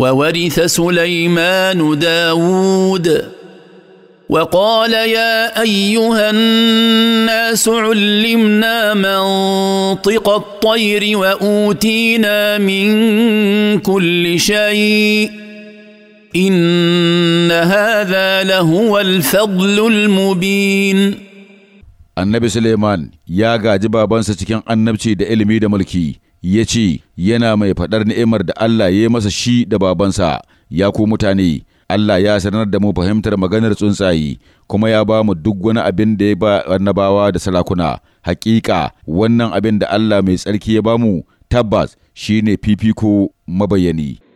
وورث سليمان داود وقال يا ايها الناس علمنا منطق الطير واوتينا من كل شيء ان هذا لهو الفضل المبين النبي سليمان يا غاجي بابانسا cikin annabci da ilimi da mulki ya ce yana mai faɗar ni'imar da Allah ya yi masa shi da babansa ya ku mutane Allah ya sanar da mu fahimtar maganar tsuntsaye kuma ya ba mu duk wani abin da ya ba annabawa da salakuna hakika wannan abin da Allah mai tsarki ya ba mu tabbas shine fifiko mabayani